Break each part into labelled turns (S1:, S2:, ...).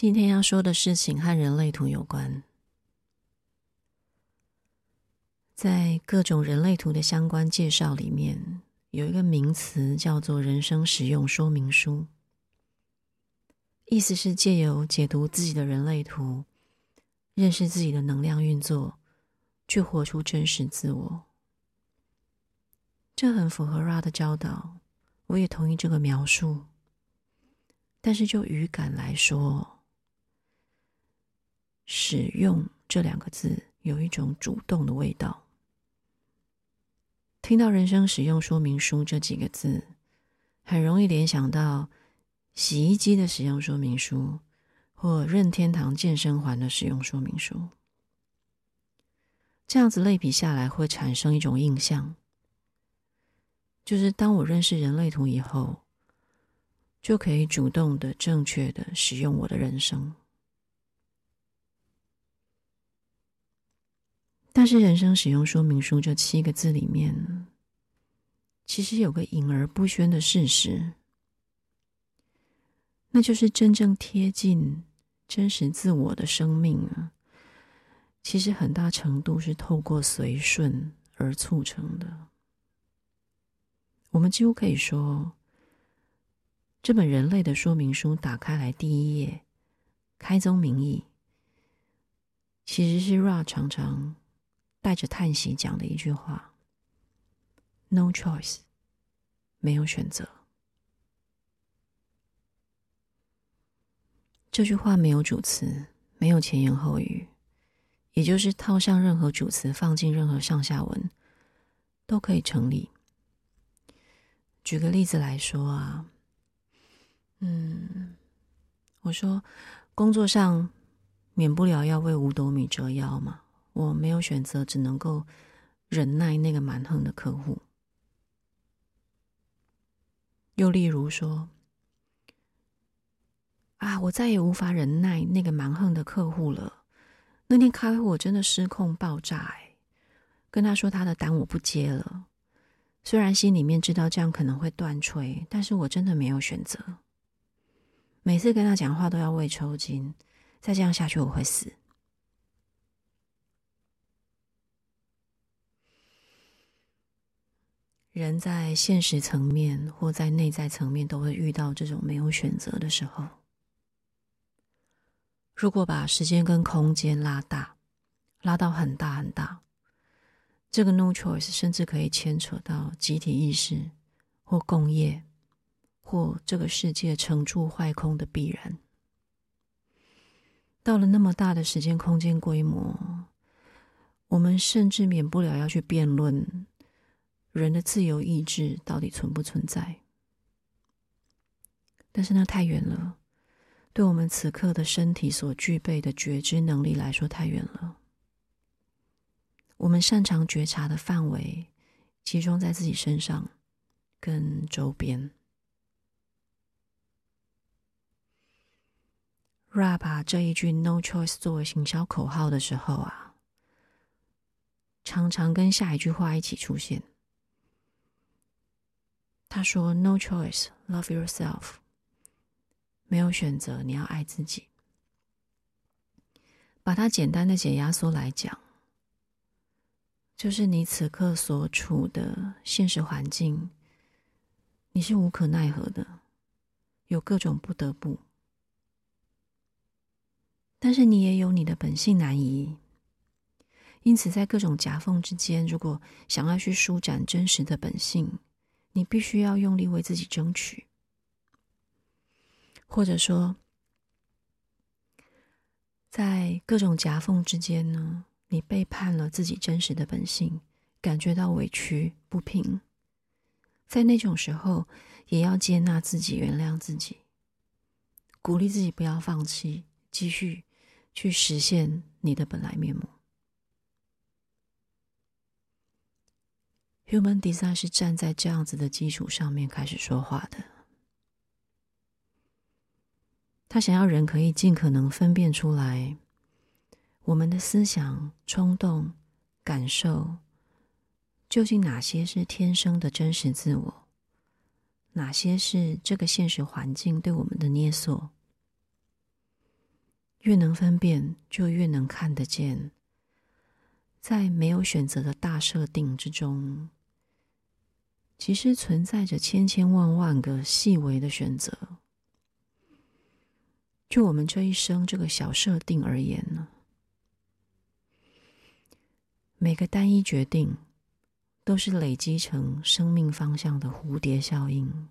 S1: 今天要說的事情和人類圖有關，在各種人類圖的相關介紹裡面，有一個名詞叫做“人生使用說明書”，意思是借由解讀自己的人類圖，認識自己的能量運作，去活出真實自我。這很符合 Ra 的教導，我也同意這個描述，但是就語感來說，使用這兩個字有一種主動的味道。聽到“人生使用說明書”這幾個字，很容易聯想到洗衣機的使用說明書或任天堂健身環的使用說明書。這樣子類比下來，會產生一種印象，就是當我認識人類圖以後，就可以主動的、正確的使用我的人生。但是人生使用說明書這七個字裡面，其實有個隱而不宣的事實，那就是真正貼近真實自我的生命啊，其實很大程度是透過隨順而促成的。我們幾乎可以說，這本人類的說明書打開來第一頁，開宗明義，其實是 Ra 常常帶着嘆息講的一句話：“No choice，沒有選擇。”這句話沒有主詞，沒有前言後語，也就是套上任何主詞，放進任何上下文，都可以成立。舉個例子來說啊，嗯，我說工作上免不了要為五斗米折腰嘛。我沒有選擇，只能夠忍耐那個蠻橫的客戶。又例如說，啊，我再也無法忍耐那個蠻橫的客戶了。那天開會我真的失控爆炸，欸，哎，跟他說他的單我不接了。雖然心裡面知道這樣可能會斷炊，但是我真的沒有選擇。每次跟他講話都要胃抽筋，再這樣下去我會死。人在現實層面或在內在層面都會遇到這種沒有選擇的時候。如果把時間跟空間拉大，拉到很大很大，這個 no choice 甚至可以牽扯到集體意識或共業或這個世界成住壞空的必然。到了那麼大的時間空間規模，我們甚至免不了要去辯論。人的自由意志到底存不存在？但是那太遠了，對我們此刻的身體所具備的覺知能力來說太遠了。我們擅長覺察的範圍，集中在自己身上跟周邊。Rab 把，啊，這一句 “No choice” 作為行銷口號的時候啊，常常跟下一句話一起出現。他說：“No choice, love yourself。沒有選擇，你要愛自己。把它簡單的解壓縮來講，就是你此刻所處的現實環境，你是無可奈何的，有各種不得不。但是你也有你的本性難移，因此在各種夾縫之間，如果想要去舒展真實的本性。”你必須要用力為自己爭取，或者說，在各種夾縫之間呢，你背叛了自己真實的本性，感覺到委屈不平，在那種時候，也要接納自己，原諒自己，鼓勵自己不要放棄，繼續去實現你的本來面目。Human Design 是站在這樣子的基礎上面開始說話的。他想要人可以盡可能分辨出來，我們的思想、衝動、感受，究竟哪些是天生的真實自我，哪些是這個現實環境對我們的捏塑？越能分辨，就越能看得見，在沒有選擇的大設定之中。其實存在着千千萬萬個細微的選擇。就我們這一生這個小設定而言呢，每個單一決定都是累積成生命方向的蝴蝶效應。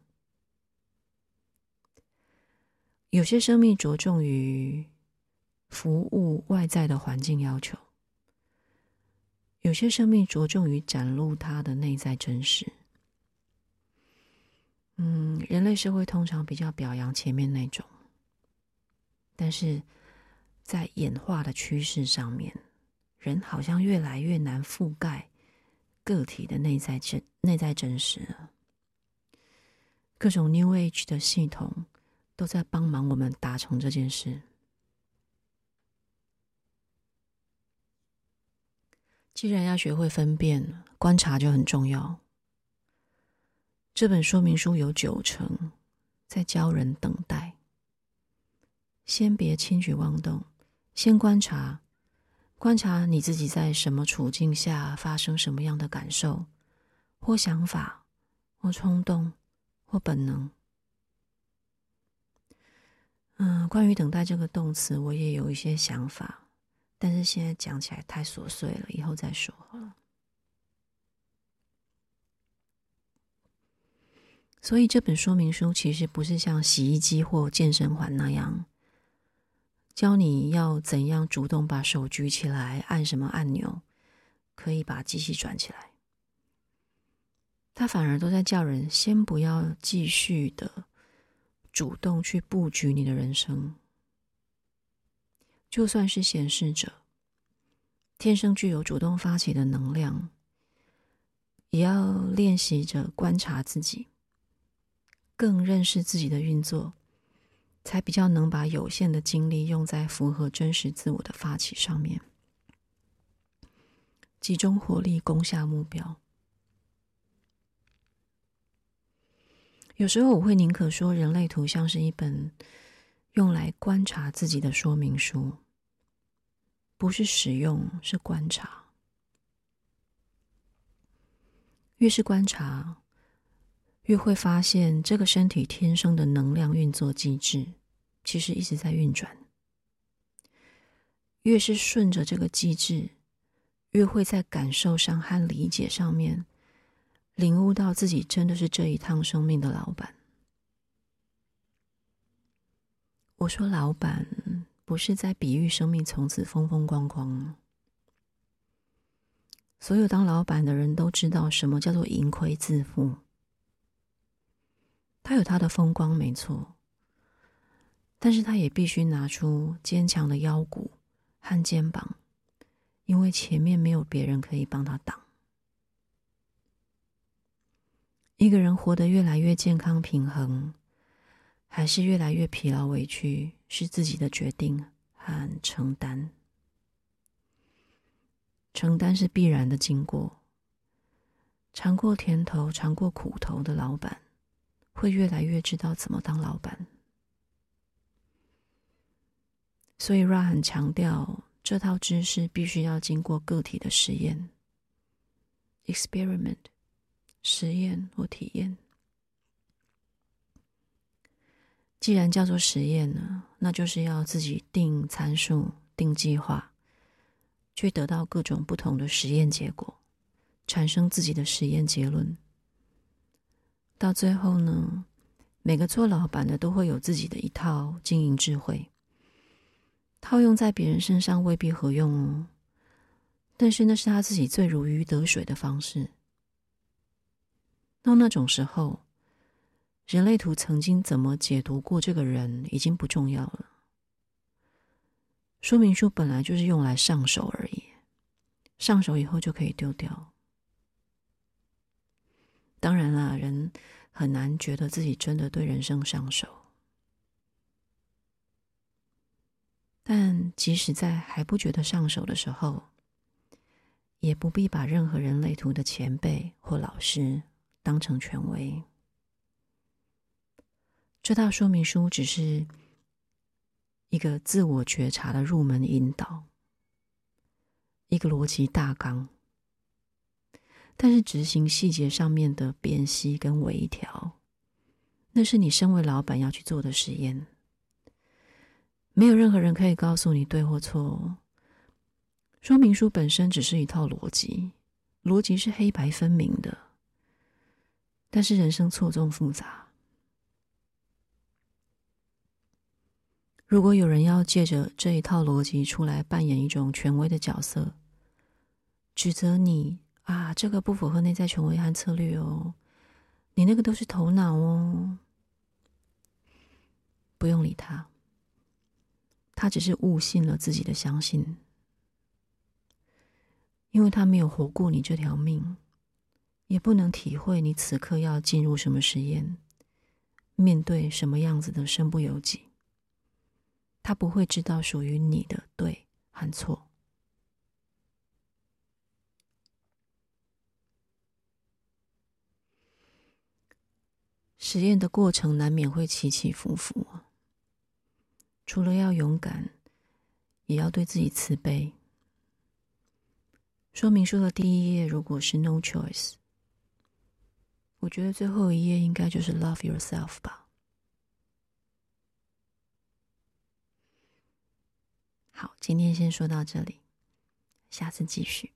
S1: 有些生命着重於服務外在的環境要求，有些生命着重於展露它的內在真實。嗯，人類社會通常比較表揚前面那種，但是在演化的趨勢上面，人好像越來越難覆蓋個體的內在真內在真實。各種 New Age 的系統都在幫忙我們達成這件事。既然要學會分辨，觀察就很重要。這本說明書有九成在教人等待，先別輕舉妄動，先觀察，觀察你自己在什麼處境下發生什麼樣的感受，或想法，或衝動，或本能。嗯，關於等待這個動詞，我也有一些想法，但是現在講起來太瑣碎了，以後再說。所以，這本說明書其實不是像洗衣機或健身環那樣，教你要怎樣主動把手舉起來，按什麼按鈕，可以把機器轉起來。他反而都在叫人先不要繼續的主動去布局你的人生。就算是顯示者，天生具有主動發起的能量，也要練習着觀察自己。更認識自己的運作，才比較能把有限的精力用在符合真實自我的發起上面，集中火力攻下目標。有時候我會寧可說，人類圖像是一本用來觀察自己的說明書，不是使用，是觀察。越是觀察。越會發現，這個身體天生的能量運作機制其實一直在運轉。越是順着這個機制，越會在感受上和理解上面領悟到自己真的是這一趟生命的老闆。我說“老闆”不是在比喻生命從此風風光光。所有當老闆的人都知道什麼叫做盈虧自負。他有他的風光，沒錯，但是他也必須拿出堅強的腰骨和肩膀，因為前面沒有別人可以幫他擋。一個人活得越來越健康、平衡，還是越來越疲勞、委屈，是自己的決定和承擔。承擔是必然的經過，嘗過甜頭、嘗過苦頭的老闆。會越來越知道怎麼當老闆，所以 Ra 很強調這套知識必須要經過個體的實驗 （experiment，實驗或體驗）。既然叫做實驗呢，那就是要自己定參數、定計劃，去得到各種不同的實驗結果，產生自己的實驗結論。到最後呢，每個做老板的都會有自己的一套經營智慧，套用在別人身上未必合用哦，但是那是他自己最如魚得水的方式。到那種時候，人類圖曾經怎麼解讀過這個人已經不重要了。說明書本來就是用來上手而已，上手以後就可以丟掉。當然啦，人很難覺得自己真的對人生上手。但即使在還不覺得上手的時候，也不必把任何人類圖的前輩或老師當成權威。這套說明書只是一個自我覺察的入門引導，一個邏輯大綱。但是執行細節上面的辨析跟微調，那是你身為老闆要去做的實驗。沒有任何人可以告訴你對或錯。說明書本身只是一套邏輯，邏輯是黑白分明的。但是人生錯綜複雜。如果有人要借着這一套邏輯出來扮演一種權威的角色，指責你。啊，這個不符合內在權威和策略哦。你那個都是頭腦哦，不用理他。他只是誤信了自己的相信，因為他沒有活過你這條命，也不能體會你此刻要進入什麼實驗，面對什麼樣子的身不由己。他不會知道屬於你的對和錯。實驗的過程難免會起起伏伏啊，除了要勇敢，也要對自己慈悲。說明書的第一頁如果是 “No choice”，我覺得最後一頁應該就是 “Love yourself” 吧。好，今天先說到這裡，下次繼續。